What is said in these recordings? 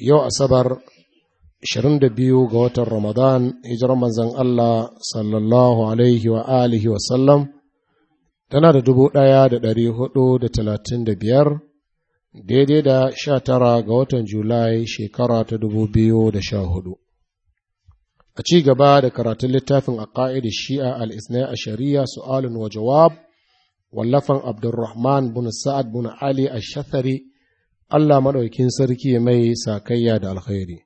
yau asabar 22 ga watan ramadan hijirar manzan Allah sallallahu alaihi wa alihi wa sallam tana da 1435 daidai da 19 ga watan julai shekara ta 2014 a ci gaba da karatun littafin a ƙa'idar shi'a al'isnai a shari'a su'alin wa jawab wallafan abdulrahman bin sa'ad bin ali a shathari Allah maɗaukin sarki mai sakayya da alkhairi.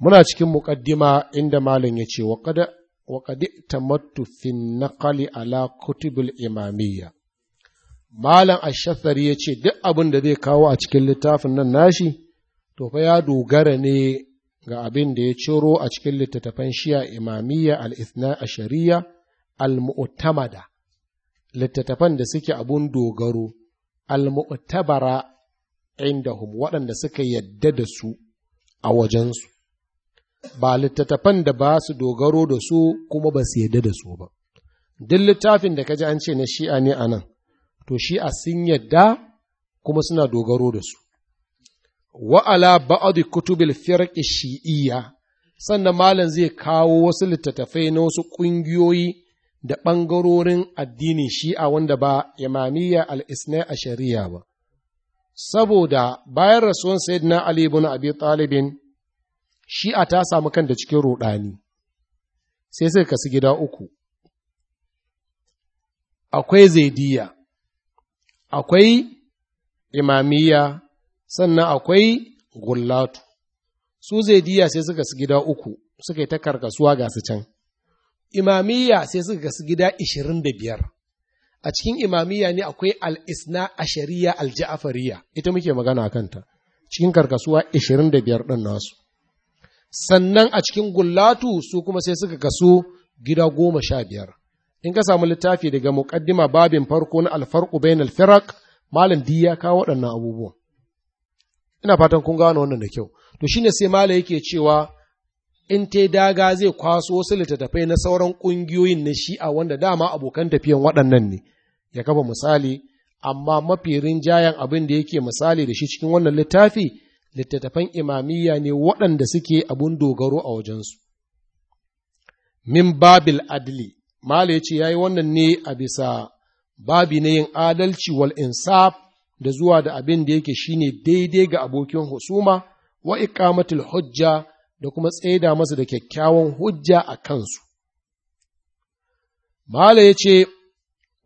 Muna cikin muƙaddima inda Malam ya ce, wa ta tamattu fin naƙali ala kutubul imamiyya. Malam Ashafari ya ce, duk abin da zai kawo a cikin littafin nan nashi, to fa ya dogara ne ga abin da ya ciro a cikin littattafan shiya imamiyya al’isna a shari'a al-mu'tamada littattafan da suke abun dogaro al-mu'tabara indahum waɗanda suka yadda da su a wajensu, ba littattafan da ba su dogaro da su kuma ba su yadda da su ba. Duk littafin da kaji an ce na shi'a ne a nan, to shi'a sun yadda kuma suna dogaro da su. Wa'ala ba'adu kutubil firƙi shi'iyya, sannan malam zai kawo wasu littattafai na wasu ƙungiyoyi da ɓangarorin addinin shi'a wanda ba imamiyya al-isna a shari'a ba. saboda bayan rasuwan sayyidina Ali ibn Abi Talibin shi'a ta samu kan da cikin rudani sai suka kasu gida uku akwai zaidiya akwai imamiya sannan akwai gullatu su zaidiya sai suka su gida uku suka yi ta karkasuwa ga su can imamiya sai suka su gida ishirin da biyar a cikin imamiyya ne akwai al'isna a shari'a alja'afariya ita muke magana a kanta cikin karkasuwa 25 ɗin nasu sannan a cikin gullatu su kuma sai suka kasu gida goma sha biyar in ka samu littafi daga muƙaddima babin farko na alfarqu bainal alfirak, malam di ya kawo waɗannan abubuwan ina fatan kun gano wannan da kyau to shine sai malam yake cewa in ta daga zai kwaso wasu littattafai na sauran ƙungiyoyin na shi'a wanda dama abokan tafiyan waɗannan ne ya kafa misali amma mafi rinjayen abin da yake misali da shi cikin wannan littafi littattafan imamiyya ne waɗanda suke abun dogaro a wajensu min babil adli mala ya ce ya yi wannan ne a bisa babi na yin adalci wal insaf da zuwa da abin da yake shine daidai ga abokin husuma wa ikamatul hujja da kuma tsaida masa da kyakkyawan hujja a kansu. Mala ya ce,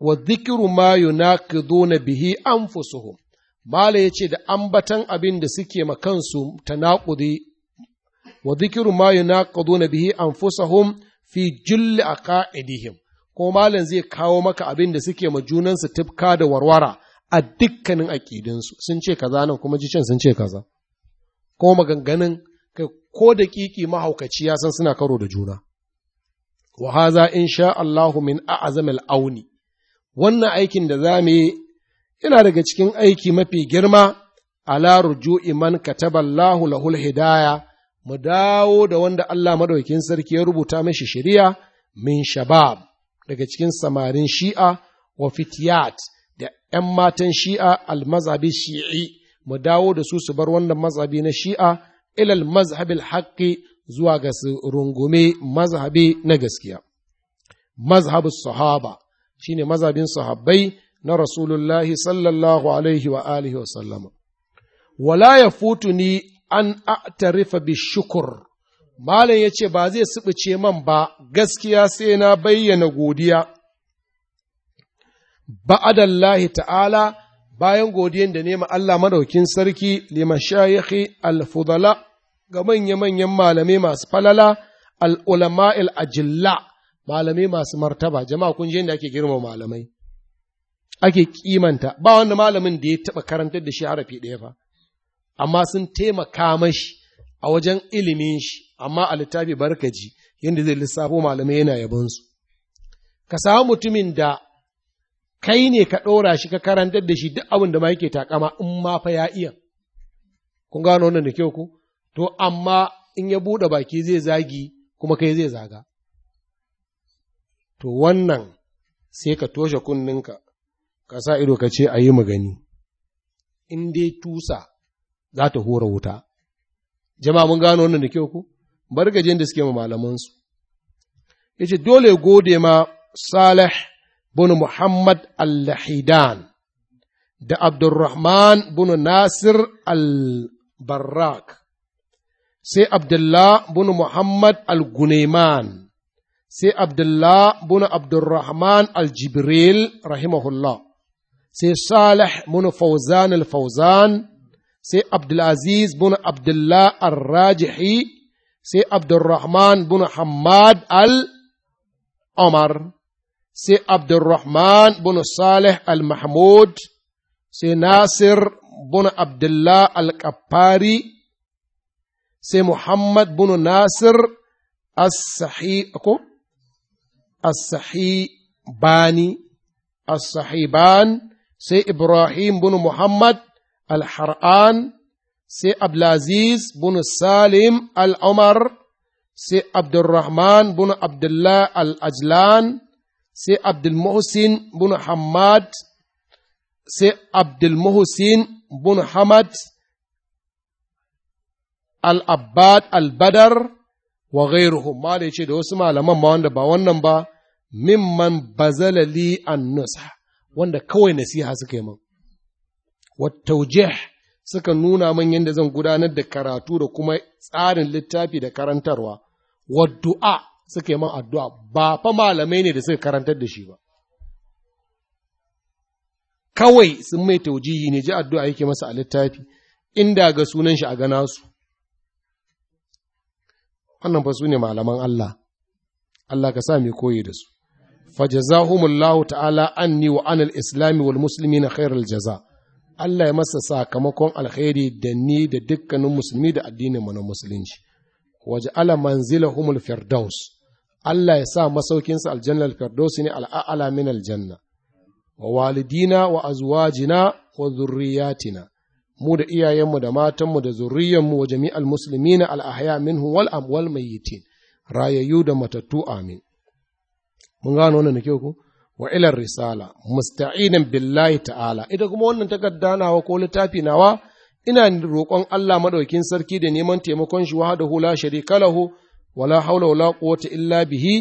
wa zikiru ma na bihi an fusuhu, Mala ya ce da ambatan abin da suke ma kansu ta naƙudi, wa zikiru ma na bihi an anfusuhum fi a ka’idihim, ko malam zai kawo maka abin da suke ma junansu tifka da warwara a dukkanin aƙidinsu sun ce kaza nan kuma jicin sun ce kaza ko maganganun ko da kiki mahaukaci ya san suna karo da juna wa haza sha Allahu min a'zamil auni wannan aikin da za mu yi yana daga cikin aiki mafi girma ala ruju'i man kataballahu lahul hidaya mu dawo da wanda Allah madaukin sarki ya rubuta mashi shari'a min shabab daga cikin samarin shi'a wa fitiyat da ‘yan matan shi'a al al-mazabi shi'i mu dawo da su su bar wannan mazabi na shi'a ilal mazhabil haƙƙi zuwa ga su rungume mazhabi na gaskiya Mazhabu sahaba shine mazhabin sahabbai na rasulullahi sallallahu alaihi wa alihi wa sallama wala yafutuni an a'tarifa bi shukur malam ce ba zai sibice man ba gaskiya sai na bayyana godiya ba'adallahi ta'ala bayan godiyan da nema Allah madaukin sarki liman shayikhi al-fudala ga manya-manyan malamai masu falala al'ulama al'ajilla malamai masu martaba jama'a kun je da ake girma malamai ake kimanta ba wani malamin da ya taɓa karantar da shi harafi ɗaya fa amma sun taimaka mashi a wajen ilimin shi amma a littafi barkaji yadda zai lissafo malamai yana yabonsu ka samu mutumin da kai ne ka ɗora shi ka karantar da shi duk abin da ma yake takama in ma fa ya iya kun gano wannan da kyau ku to amma in ya buɗe baki zai zagi kuma kai zai zaga. To wannan sai ka toshe kunninka, ka sa ido ka ce a yi magani, in dai tusa za ta hura wuta. Jama'a mun gano wannan da kyau ku, bar gajen da suke ma malamansu. Ya ce dole gode ma Salih bin Muhammad al lahidan da Abdurrahman bin Nasir al-Barrak. sai Abdullah bin Muhammad al-Gunaiman, sai Abdullah bin Abdurrahman al-Jibril rahimahullah, sai Salih bin Fauzan al-Fauzan, sai Abdulaziz bin Abdullah al-Rajihi, sai Abdurrahman bin Hamad al-Omar, sai Abdurrahman bin Salih al-Mahmud, sai Nasir bin Abdullah al-Kaffari, sai Muhammad bunu Nasir as-sahi ko as sahiban sai Ibrahim bunu Muhammad al-Har'an sai Abdulaziz bin Salim al-Umar sai Abdulrahman bin Abdullah al-Ajlan sai Abdulmuhsin bin Hamad sai Abdulmuhsin bin Hamad al'abbad albadar al-badar wa ghairuhum ya ce da wasu malaman ma wanda ba wannan ba Min man bazalali an-nusa wanda kawai nasiha suka yi min wata suka nuna min yadda zan gudanar da karatu da kuma tsarin littafi da karantarwa Waddu'a suka yi min addu'a ba fa malamai ne da suka karantar da shi ba kawai sun mai taujihi ne ji addu'a yake masa a littafi inda ga sunan shi a gana su wannan ba su ne malaman Allah Allah ka sa mai koyi da su fajazahumullahu ta'ala anni wa anil islami wal muslimina khairul jaza Allah ya masa sakamakon alkhairi da ni da dukkanin musulmi da addinin mu na musulunci Manzila humul firdaus Allah ya sa masaukinsa aljannar firdausi ne al'a'ala min aljanna, wa walidina wa azwajina wa zurriyatina, mu da iyayenmu da matanmu da zurriyanmu wa jami'al muslimina al ahya minhu wal amwal mayyitin rayayyu da matattu amin mun gano wannan da ku wa ilar risala musta'inan billahi ta'ala ita kuma wannan takarda nawa ko littafi nawa ina roƙon Allah maɗaukin sarki da neman taimakon shi hula la sharika lahu wala haula wala quwwata illa bihi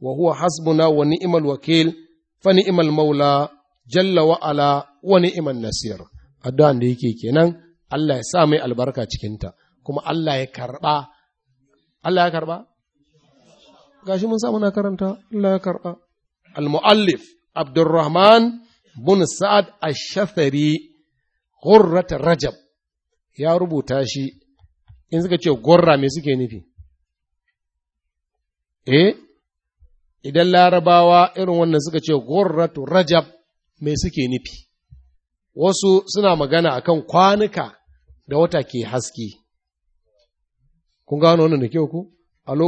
wa huwa hasbuna wa ni'mal wakil fa ni'mal maula jalla wa ala wa ni'man nasir addu'an da yake kenan Allah ya sa mai albarka cikinta kuma Allah ya karba. Allah ya ga gashi mun samu na karanta Allah ya karba. al-muallif Abdurrahman bin Sa'ad ash shafari Ghurrat Rajab ya rubuta shi in suka ce gurra me suke nufi eh idan larabawa irin wannan suka ce gurratu rajab me suke nufi wasu suna magana a kan kwanuka da wata ke haske kun gano wannan da kyau ku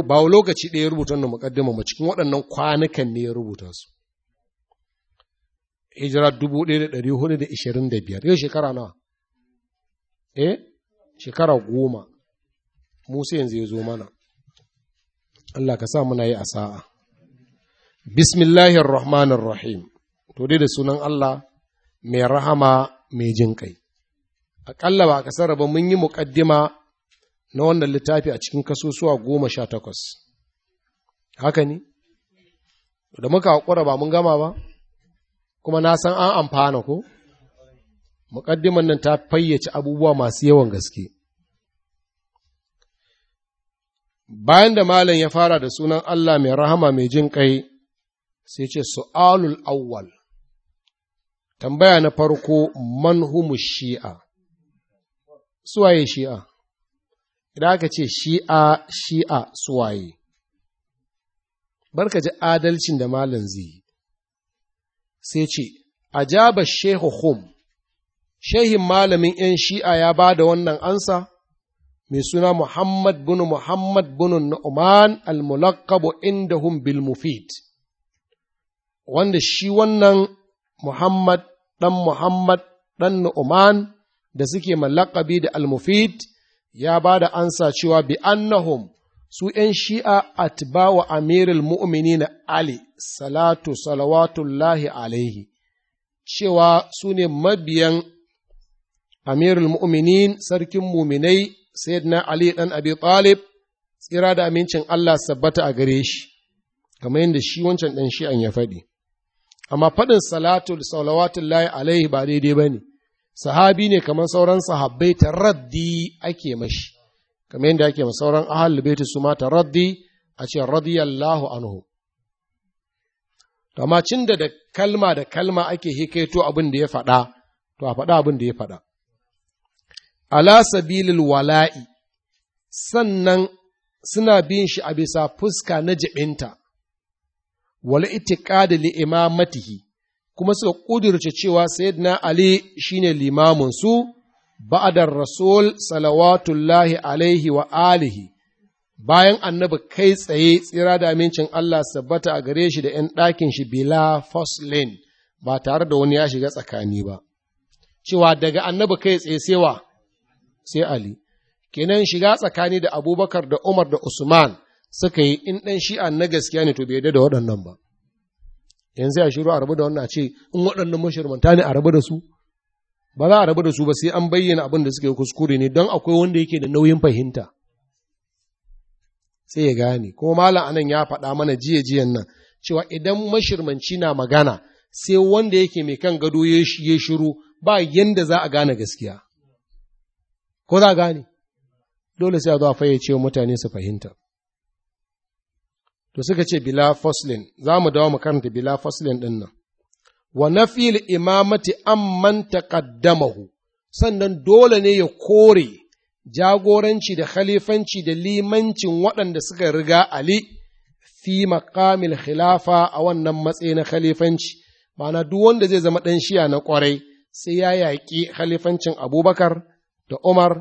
ba lokaci ɗaya rubuta wannan mukaddima ma cikin waɗannan kwanukan ne ya rubuta su hijira 1425 yau shekara nawa eh shekara goma musa yanzu ya zo mana Allah ka sa muna yi a sa'a bismillahir rahmanir rahim to dai da sunan Allah mai rahama mai jin kai aƙalla ba a ƙasar ba mun yi muƙaddima na wannan littafi a cikin kasusuwa goma sha takwas haka ni. da muka haƙura ba mun gama ba kuma na san an amfana ko muƙaddiman nan ta fayyace abubuwa masu yawan gaske bayan da malam ya fara da sunan Allah mai rahama mai jin kai, sai ce su'alul awwal Tambaya na farko manhumu shi'a, suwaye shi'a, idan aka ce shi'a shi'a suwaye, barka ji adalcin da malam zai sai ce, ajaba shehu hum, shehin malamin ‘yan shi'a ya ba da wannan ansa, mai suna Muhammad bin Muhammad bin Nu'man al-mulaqabu indahum bil mufid wanda shi wannan Muhammad ɗan Muhammad ɗan Nu'uman, da suke mallakabi da Al-Mufid ya ba da ansa cewa bi annahum su ’yan shi'a atba wa amirul mu'mini na Ali, salatu salawatullahi alaihi, cewa su ne mabiyan amirul mu'minin sarkin muminai na Ali ɗan Abi Talib, tsira da amincin Allah sabbata a gare shi, kamar yadda shi wancan ɗan shi'an ya faɗi. amma faɗin salatu salawatul lahi alaihi ba daidai ba ne sahabi ne kamar sauran sahabbai ta raddi ake mashi kamar yadda ake sauran ahal baiti su ma ta raddi a ce radiyallahu anhu amma cin da da kalma da kalma ake hikaito abin da ya faɗa to a faɗa abin da ya faɗa ala sabilil wala'i sannan suna bin shi a bisa fuska na jibinta wala itiqadi li imamatihi kuma suka kudurce cewa sayyidina ali shine limamin su ba'adar rasul salawatullahi alaihi wa alihi bayan annabi kai tsaye tsira da amincin Allah sabbata a gare shi da ‘yan ɗakin shi bila foslin ba tare da wani ya shiga tsakani ba, cewa daga annabi kai tsaye sewa sai Ali, kenan shiga tsakani da abubakar da Umar da Usman suka yi in ɗan shi'a na gaskiya ne to bai yadda da waɗannan ba yanzu a shiru a rabu da wannan a ce in waɗannan mashirmanta ne a rabu da su ba za a rabu da su ba sai an bayyana abin da suka kuskure ne don akwai wanda yake da nauyin fahimta sai ya gane kuma malam anan ya faɗa mana jiya jiyan nan cewa idan mashirmanci na magana sai wanda yake mai kan gado ya shiru ba yanda za a gane gaskiya ko za a gane dole sai a zo a fayyace mutane su fahimta to suka ce bila faslin za mu dawo mu karanta bila faslin ɗin nan wa fil imamati amman kaddamahu, sannan dole ne ya kore jagoranci da khalifanci da limancin waɗanda suka riga Ali fi makamil khilafa a wannan matsayi na khalifanci ma'ana duk wanda zai zama ɗan shiya na kwarai sai ya yaƙi khalifancin Abubakar da Umar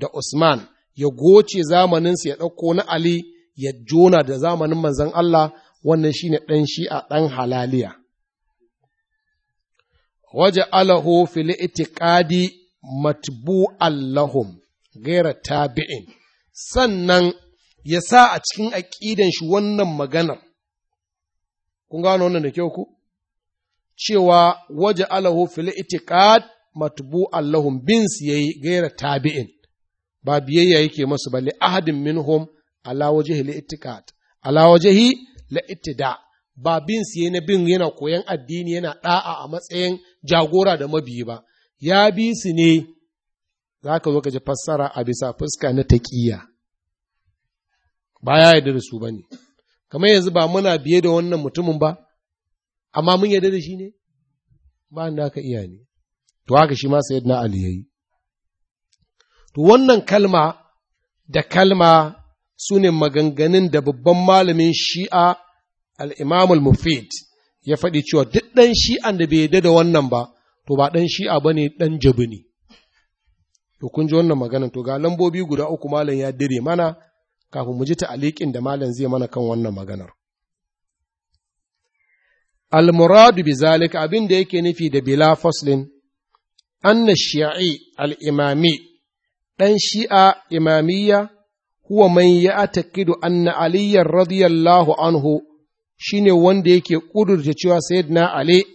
da Usman ya goce zamaninsa ya ɗauko na Ali ya jona da zamanin manzan Allah wannan shine ɗan a ɗan halaliya. Waje alahu fil itiqadi matbu'an lahum gaira tabi'in sannan ya sa a cikin aƙidan shi wannan maganar. Kun gano wannan da kyau ku? Cewa waje alahu fil itiqad matbu'an lahum bin siyayi gaira tabi'in ba biyayya yake masu ba li ahadin minhum ala wajihi li ala wajihi la ittida ba bin siye na bin yana koyan addini yana da'a a matsayin jagora da mabiyi ba ya bi su ne Za ka zo ka ji fassara a bisa fuska na taqiya ba ya yarda da su bane kamar yanzu ba muna biye da wannan mutumin ba amma mun yarda da shi ne ba da ka iya ne to haka shi ma sayyidina ali yayi to wannan kalma da kalma su ne maganganun da babban malamin shi'a al'imamul mufid ya faɗi cewa duk ɗan shi'an da bai yadda da wannan ba to ba ɗan shi'a ba ne ɗan jabi ne to kun ji wannan maganan to ga lambobi guda uku malam ya dire mana kafin mu ji alikin da malam zai mana kan wannan maganar al-muradu bi zalika abin da yake nufi da bila faslin anna shi'i al-imami ɗan shi'a imamiyya huwa man atakidu anna Aliyar radiyallahu anhu shine wanda yake kudurta cewa sayyidina ali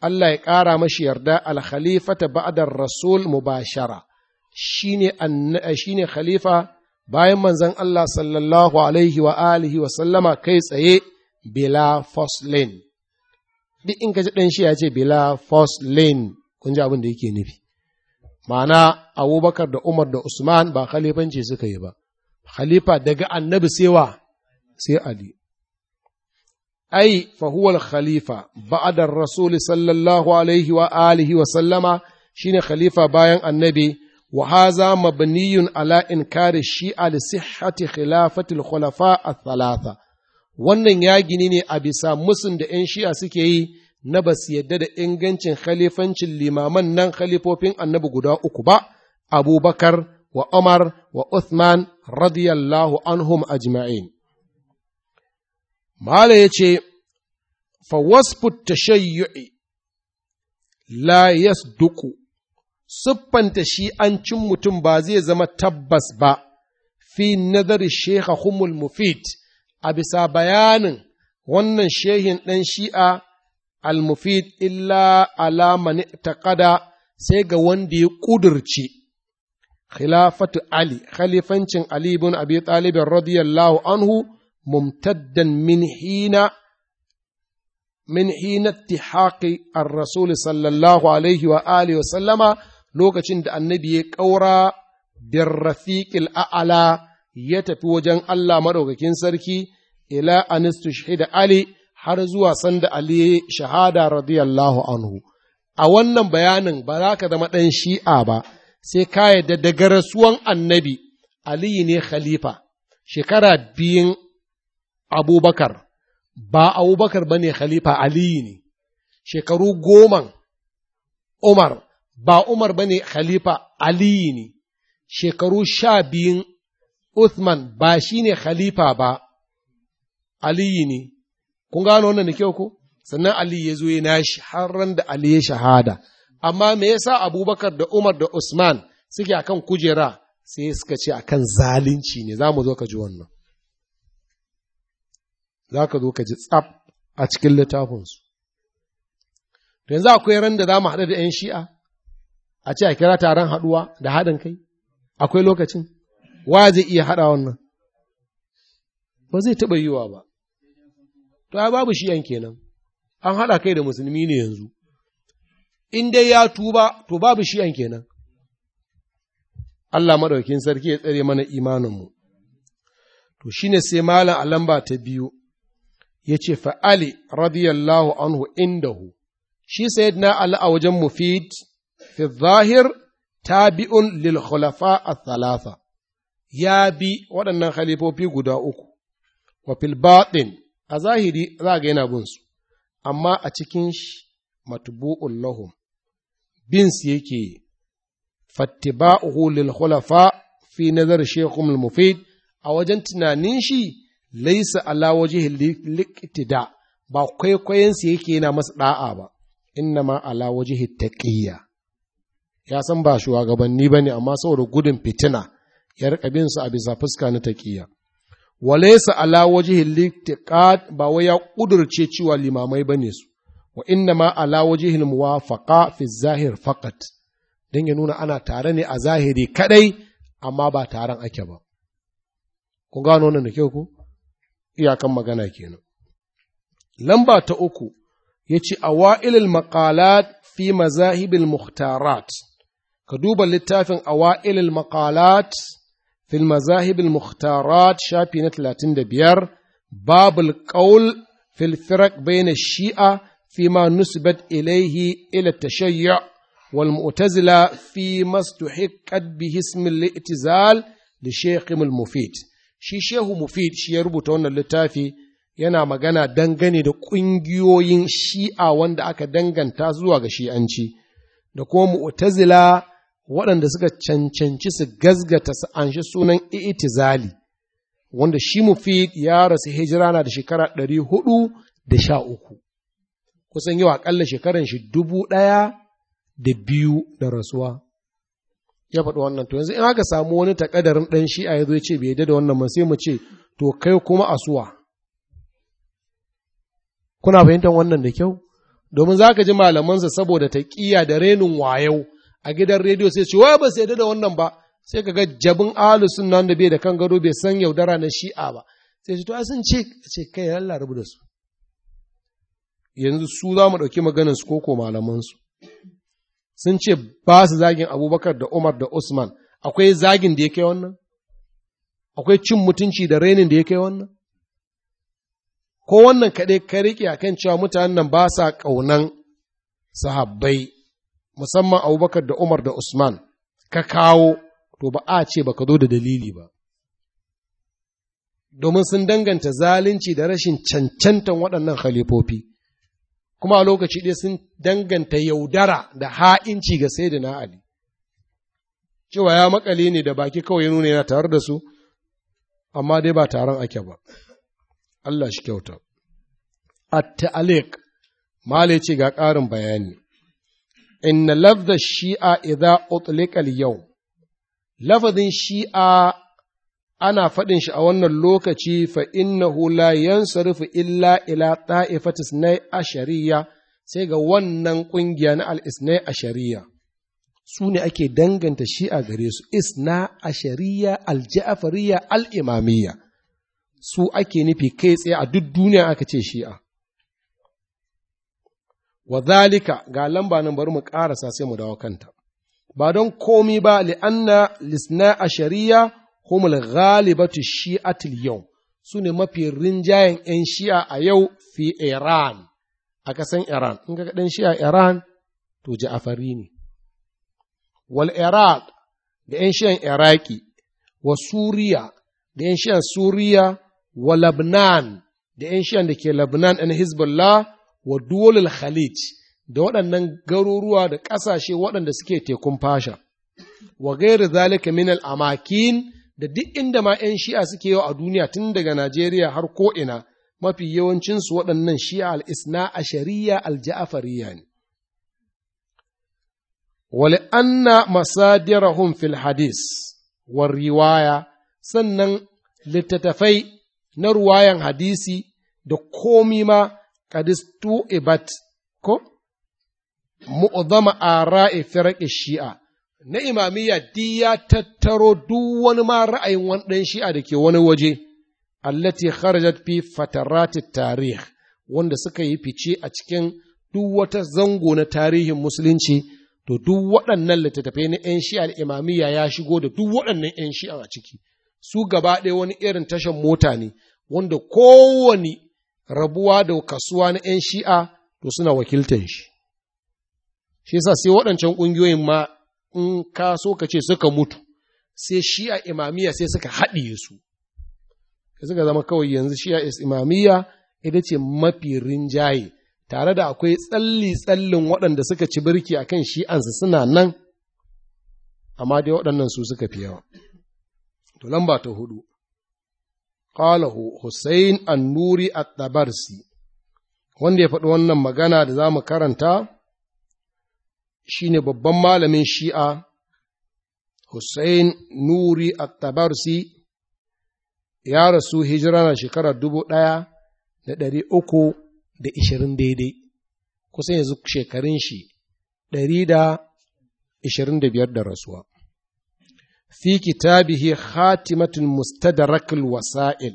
Allah ya ƙara mashi yarda al-khalifata ba'da rasul mubashara shine shine khalifa bayan manzon Allah sallallahu alaihi wa alihi wa sallama kai tsaye bila faslin duk in ka shi ya ce bila faslin kun ji abin da yake nufi ma'ana abubakar da umar da usman ba khalifanci suka yi ba khalifa daga annabi sewa sai Ali. Ai, fahuwal khalifa ba'adar Rasuli sallallahu alaihi wa alihi wa sallama shine khalifa bayan annabi, wa haza mabniyun ala inkari shi'a li sihhati khilafatil khulafa thalatha Wannan ya gini ne a bisa musun da ‘yan shi'a suke yi na ba su yadda da ingancin khalifancin limaman nan khalifofin annabi guda uku ba, Abubakar, wa Umar wa Uthman radiyallahu anhum ajma'in. Mala ya ce, Fawasfut tashayyu'i la yasduku, siffanta shi'ancin mutum ba zai zama tabbas ba, fi nazari shekha humul mufid a bisa bayanin wannan shehin ɗan shi'a al-mufid illa alamani taƙada sai ga wanda ya ƙudurci. khilafatu Ali, khalifancin Ali bin Abi Talibin radiyallahu anhu, mumtaddan min hina min hina tihaqi sallallahu alaihi wa alihi wa sallama lokacin da annabi ya kaura bir rafiqil a'la ya tafi wajen Allah madaukakin sarki ila anistushahi Ali har zuwa sanda Ali shahada radiyallahu anhu a wannan bayanin ba za ka zama ɗan shi'a ba sai ka yadda daga rasuwan annabi aliyu ne khalifa shekara biyun abubakar ba abubakar ba ne khalifa aliyu ne shekaru goman umar ba umar ba ne khalifa aliyu ne shekaru sha biyun Uthman ba shi ne khalifa ba, Aliyu ne, kun gano wannan da kyau ko? Sannan Ali ya zo ya nashi har ran da Ali ya shahada, amma me yasa abubakar da umar da usman suke akan kujera sai suka ce akan zalunci ne za mu zo ka ji wannan za ka zo ka ji tsab a cikin littafinsu to yanzu akwai ran da za mu haɗu da 'yan shi'a a ce a kira taron haɗuwa da haɗin kai akwai lokacin wa zai iya haɗa wannan ba zai taɓa yiwa ba to ya babu shi'an kenan an haɗa kai da musulmi ne yanzu in dai ya tuba to babu shi an kenan Allah maɗaukin sarki ya tsare mana imaninmu to shine sai malam a lamba ta biyu ya ce fa'ali radiyallahu anhu indahu shi sayyidina Ali a wajen mufid fi zahir tabi'un lil a thalatha ya bi waɗannan khalifofi guda uku wa fil batin a zahiri za ga yana bin su amma a cikin shi matbu'un lahum bin su yake yi fattiba'uhu lil khulafa fi nazar shaykhum al mufid a wajen tunanin shi laisa ala ba kwaikwayon su yake yana masa da'a ba In ala wajhi taƙiyya. ya san ba shugabanni bane amma saboda gudun fitina ya rika bin su a bisa fuska na taqiyya walaisa ala wajhi ba wai ya ƙudurce cewa limamai bane su wa inna ma ala wajihil muwafaqa fi zahir faqat dan ya nuna ana tare ne a zahiri kadai amma ba taron ake ba kun gano wannan da kyau ku iyakan magana kenan lamba ta uku yace awailul maqalat fi mazahibil muhtarat ka duba littafin awailul maqalat في المذاهب المختارات شابي 35 باب القول في الفرق بين shi'a. فيما نسبت إليه إلى التشيع والمعتزلة فيما استحقت به اسم الاعتزال المفيد shi shehu mufid shi ya rubuta wannan littafi yana magana dangane da ƙungiyoyin shi'a wanda aka danganta zuwa ga shi'anci da kuma mu'tazila waɗanda suka cancanci su gazgata su anshi sunan itizali wanda shi mufid ya rasu hijira na da shekara ɗari hudu da sha uku kusan yau aƙalla shekaran shi dubu ɗaya da biyu da rasuwa ya faɗi wannan to yanzu in aka samu wani takadarin ɗan shi'a ya zo ce bai yadda da wannan ba sai mu ce to kai kuma asuwa kuna fahimtar wannan da kyau domin za ka ji malamansa saboda ta ƙiya da renin wayau a gidan rediyo sai ce wai ba su yadda da wannan ba sai ka ga jabin ahalu sunna wanda bai da kan gado bai san yaudara na shi'a ba sai ce to a sun ce ce kai Allah rubu da su yanzu su za mu ɗauki maganinsu ko ko malamansu sun ce ba su zagin abubakar da umar da usman akwai zagin da ya kai wannan akwai cin mutunci da rainin da ya kai wannan ko wannan kaɗai ka riƙe a kan cewa mutanen nan ba sa ƙaunan sahabbai musamman abubakar da umar da usman ka kawo to ba a ce ba ka zo da dalili ba domin sun danganta zalunci da rashin cancantan waɗannan halifofi. kuma a lokaci ɗaya sun danganta yaudara da ha'inci ga sai na Ali. Cewa ya makale ne da baki kawai ya nuna yana tare da su, amma dai ba taron ake ba. Allah shi kyauta. at taalik male ce ga ƙarin bayani. Inna lafza shi'a idza utlikal yau lafazin shi'a ana faɗin shi a wannan lokaci fa hula la yansarifu illa ila ta'ifatis na ashariya sai ga wannan ƙungiya na al'isnai ashariya su ne ake danganta shi a gare su isna ashariya al Al'imamiya al su ake nufi kai tsaye a duk duniya aka ce shi'a wa zalika ga lamba nan bari mu ƙarasa sai mu dawo kanta ba don komi ba li'anna lisna ashariya humul ghalibatu Shi'at yau su ne mafi rinjayen 'yan shi'a a yau fi Iran, a ƙasan Iran, in ga ɗan shi'a Iran to ja'afari ne. Wal Iraq da 'yan shi'an Iraki, wa Suriya da 'yan shi'an Suriya, wa Labnan da 'yan shi'an da ke Labnan ɗan Hezbollah, wa Duwalul Khalid da waɗannan garuruwa da ƙasashe waɗanda suke tekun fasha. Wa gairi zalika min al-amakin da duk inda ma ‘yan shi'a suke yau a duniya tun daga Najeriya har ko'ina mafi yawancinsu waɗannan shi'a al'isna a shari'a alja'afariya ne. Wale anna masadirahum fil hadis wa riwaya sannan littattafai na ruwayan hadisi da komi ma kadistu ibat ko mu'zama ara'i firqi shi'a na imamiyya di ya tattaro duk wani ma ra'ayin wani ɗan shi'a da ke wani waje, allati kharajat fi fatarati tarih wanda suka yi fice a cikin duk wata zango na tarihin musulunci, to duk waɗannan littattafai na ‘yan shi'a da imamiyya ya shigo da duk waɗannan ‘yan shi'a a ciki, su gaba ɗaya wani irin tashan mota ne, wanda kowane rabuwa da kasuwa na ‘yan shi'a to suna wakiltan shi. Shi yasa sai waɗancan ƙungiyoyin ma in ka so ka ce suka mutu sai shi'a Imamiya sai suka haɗiye su suka zama kawai yanzu shi'a Imamiya ita ce mafi rinjaye tare da akwai tsalli-tsallin waɗanda suka ci birki a kan shi'ansu suna nan amma dai waɗannan su suka fi yawa to lamba ta hudu ƙala Hussein an-Nuri at-Tabarsi wanda ya faɗi wannan magana da za mu karanta Shi ne babban malamin shi'a Hussein Nuri At-Tabarsi ya rasu hijira na shekarar dubu ɗaya da ɗari uku da ishirin daidai, kusan yanzu shekarun shi ɗari da ishirin da biyar da rasuwa. Fi kitabihi Hatimatin Mustadarakil wasa'il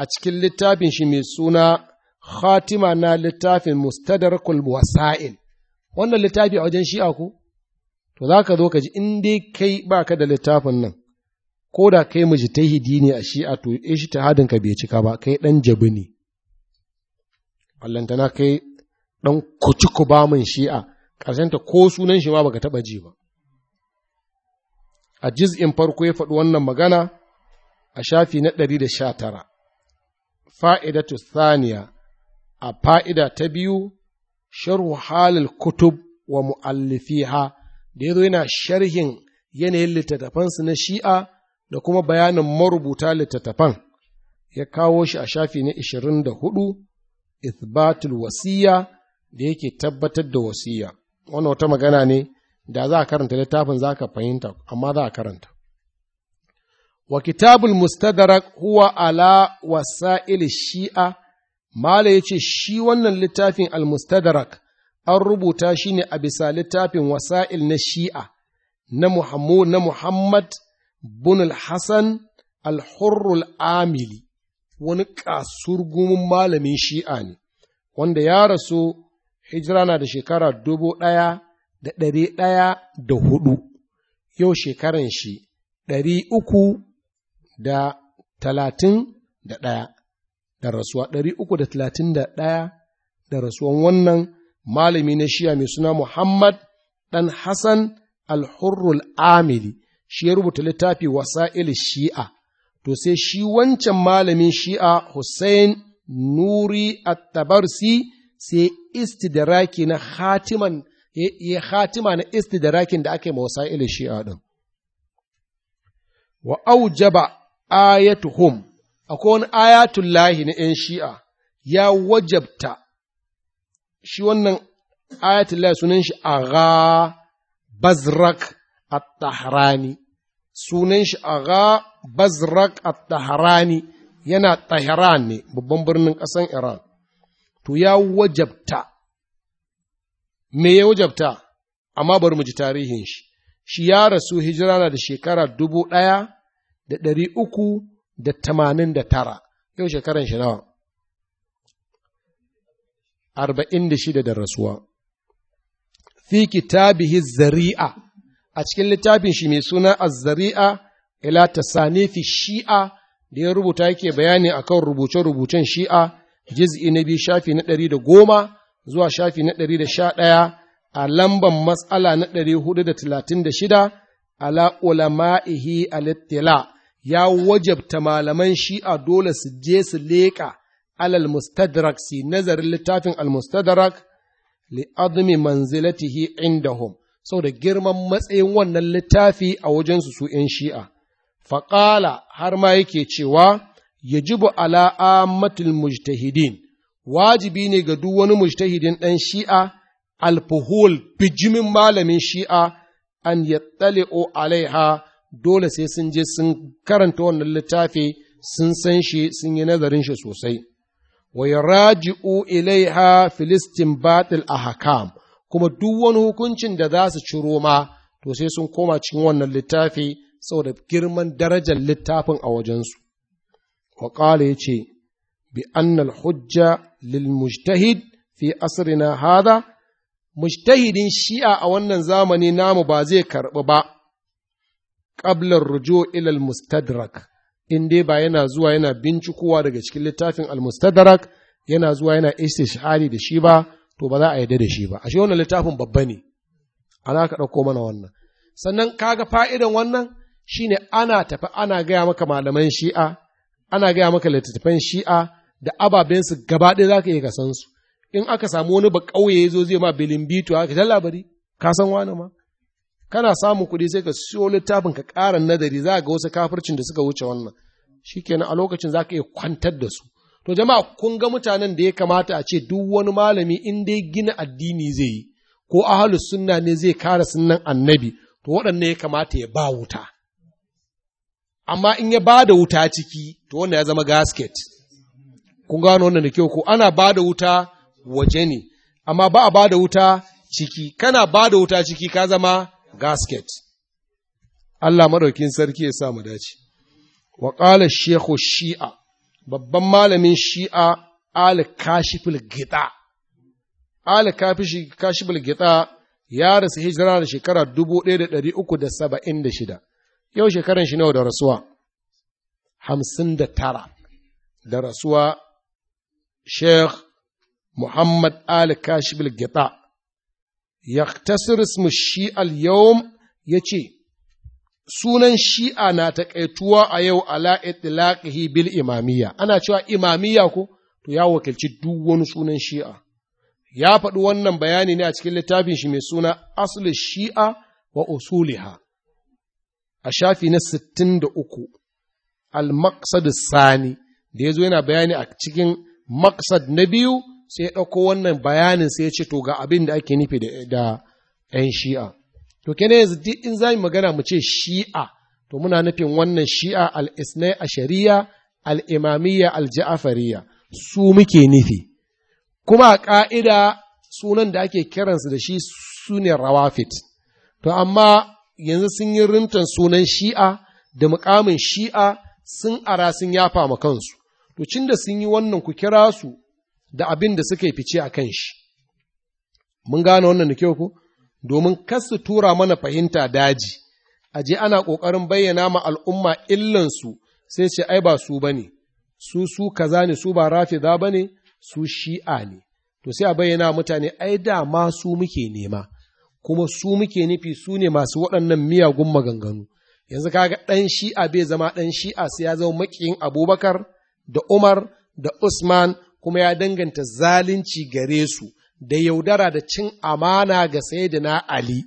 a cikin littafin shi mai suna Hatima na littafin mustadrakul wasa'il wannan littafi a wajen shi'a ko to za ka zo ka ji in dai kai ba ka da littafin nan ko da kai mujtahidi ne a shi'a to ishi hadin ka bai cika ba kai dan jabi ne ballantana kai dan kuci kubamin shi'a ta ko sunan shi ma baka taba ji ba a juz'in farko ya faɗi wannan magana a shafi na ɗari da sha fa'ida ta saniya a fa'ida ta biyu sharhu halil kutub wa mu'allifiha da yazo yana sharhin yanayin littattafansu na shi'a da kuma bayanin marubuta littattafan ya kawo shi a shafi na 24 ithbatul wasiya da yake tabbatar da wasiya wannan wata magana ne da za a karanta littafin za ka fahimta amma za a karanta wa kitabul mustadrak huwa ala wasa'il shi'a Mala ya ce shi wannan littafin al-mustadrak an rubuta shi ne a bisa littafin wasa'il na shi'a na Muhammad na bin al-Hassan al-Hurrul Amili wani kasurgumin malamin shi'a ne wanda ya rasu hijira na da shekara dubu ɗaya da ɗari ɗaya da hudu yau shekaran shi ɗari uku da talatin da ɗaya da rasuwa ɗari uku da talatin da ɗaya da rasuwan wannan malami na shiya mai suna Muhammad ɗan Hassan al-Hurrul Amili shi ya rubuta littafi wasa'il shi'a to sai shi wancan malamin shi'a Hussein Nuri at-Tabarsi sai istidraki na hatiman ya hatima na da aka yi wasa'il shi'a ɗin wa aujaba ayatuhum akwai wani ayatullahi na ‘yan shi'a ya wajabta shi wannan ayatullahi sunan shi a gha bazrak a tahrani sunan shi a gha bazrak a tahrani yana Tehran ne babban birnin ƙasan Iran to ya wajabta me ya wajabta amma bari mu ji tarihin shi shi ya rasu hijira na da shekara dubu ɗaya da ɗari uku da tamanin da tara yau shekaran shi nawa arba'in da shida da rasuwa fi kitabihi zari'a a cikin littafin shi mai suna az-zari'a ila tasanifi shi'a da ya rubuta yake bayani akan rubuce-rubucen shi'a jiz'i na biyu shafi na ɗari da goma zuwa shafi na ɗari da sha ɗaya a lamban matsala na ɗari hudu da talatin da shida ala ulama'ihi alittila ya wajabta malaman shi'a dole su je su leƙa alal mustadrak si nazarin littafin al mustadrak li azumi manzilatihi indahum saboda girman matsayin wannan littafi a wajen su su ‘yan shi'a. Faƙala har ma yake cewa, yajibu ala amatul mujtahidin, wajibi ne ga duk wani mujtahidin ɗan shi'a, alfuhul bijimin malamin shi'a, an yattali'o alaiha dole sai sun je sun karanta wannan littafi sun san shi sun yi nazarin shi sosai wa raji'u ilaiha filistin batil hakam kuma duk wani hukuncin da za su ciro ma to sai sun koma cikin wannan littafi saboda girman darajar littafin a wajensu wa ya yace bi annal hujja lil mujtahid fi asrina hada mujtahidin shi'a a wannan zamani namu ba zai karɓi ba Ƙablar rujo ila mustadrak in dai ba yana zuwa yana bincikowa daga cikin littafin alMustadrak, yana zuwa yana istishhari da shi ba to ba za a yarda da shi ba ashe wannan littafin babba ne ana ka ɗauko mana wannan sannan ka ga fa'idan wannan shine ana tafi ana gaya maka malaman shi'a ana gaya maka littattafan shi'a da ababensu gaba ɗaya za ka iya kasan su in aka samu wani ba ƙauye ya zo zai ma bilin bito haka ta labari ka san wani ma kana samun kuɗi sai ka siyo littafin ka ƙara nazari za ga wasu kafircin da suka wuce wannan shi kenan a lokacin za ka iya kwantar da su to jama'a kun ga mutanen da ya kamata a ce duk wani malami in dai gina addini zai yi ko ahalu sunna ne zai kara sunnan annabi to waɗanne ya kamata ya ba wuta amma in ya ba da wuta ciki to wannan ya zama gasket kun gano wannan da kyau ko ana ba da wuta waje ne amma ba a ba da wuta ciki kana ba da wuta ciki ka zama gasket Allah maɗaukin sarki ya sa mu dace wa ƙala shi'a babban malamin shi'a al kashifil Gita. al kashifil Gita ya rasu hijira da shekara 1376 yau shekaran shi nawa da rasuwa 59 da rasuwa Sheikh Muhammad al kashifil Gita. yaktasir ismu shi'al ya ce sunan shi'a na taƙaituwa a yau ala itlaqihi bil imamiyya ana cewa imamiyya ko to ya wakilci duk wani sunan shi'a ya faɗi wannan bayani ne a cikin littafin shi mai suna asli shi'a wa usuliha a shafi na 63 al maqsad sani da yazo yana bayani a cikin maqsad na biyu sai ɗauko wannan bayanin sai ya ce to ga abin da ake nufi da ‘yan shi'a. To kenan yanzu duk in za magana mu ce shi'a, to muna nufin wannan shi'a al'isnai a shari'a, al'imamiyya, alja'afariya, su muke nufi. Kuma a ƙa'ida sunan da ake kiransu da shi su ne rawafit. To amma yanzu sun yi rintan sunan shi'a da mukamin shi'a sun ara sun yafa ma kansu. To cin da sun yi wannan ku kira su da abin da suka yi fice a kan shi. Mun gane wannan da kyau ku? Domin kasu su tura mana fahimta daji, a je ana ƙoƙarin bayyana ma al'umma illansu sai ce ai ba su ba ne, su su kaza ne, su ba rafiza ba ne, su shi'a ne. To sai a bayyana mutane ai da ma su muke nema, kuma su muke nufi su ne masu waɗannan miyagun maganganu. yanzu kaga ɗan shi'a bai zama ɗan shi'a sai ya zama makiyin abubakar da umar da usman kuma ya danganta zalunci gare su da yaudara da cin amana ga Sayyidina Ali,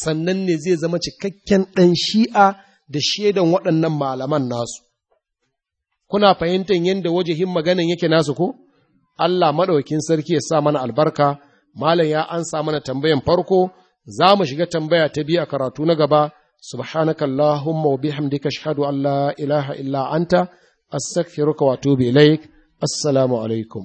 sannan ne zai zama cikakken ɗan shi'a da shaidan waɗannan malaman nasu. Kuna fahimtar yadda wajehin maganin yake nasu ko? Allah maɗaukin sarki ya sa mana albarka, malam ya ansa mana tambayan farko, za mu shiga tambaya ta biyu a karatu na gaba, subhanakallahumma wa bihamdika shahadu Allah ilaha illa anta, astaghfiruka wa atubu ilaik. assalamu alaikum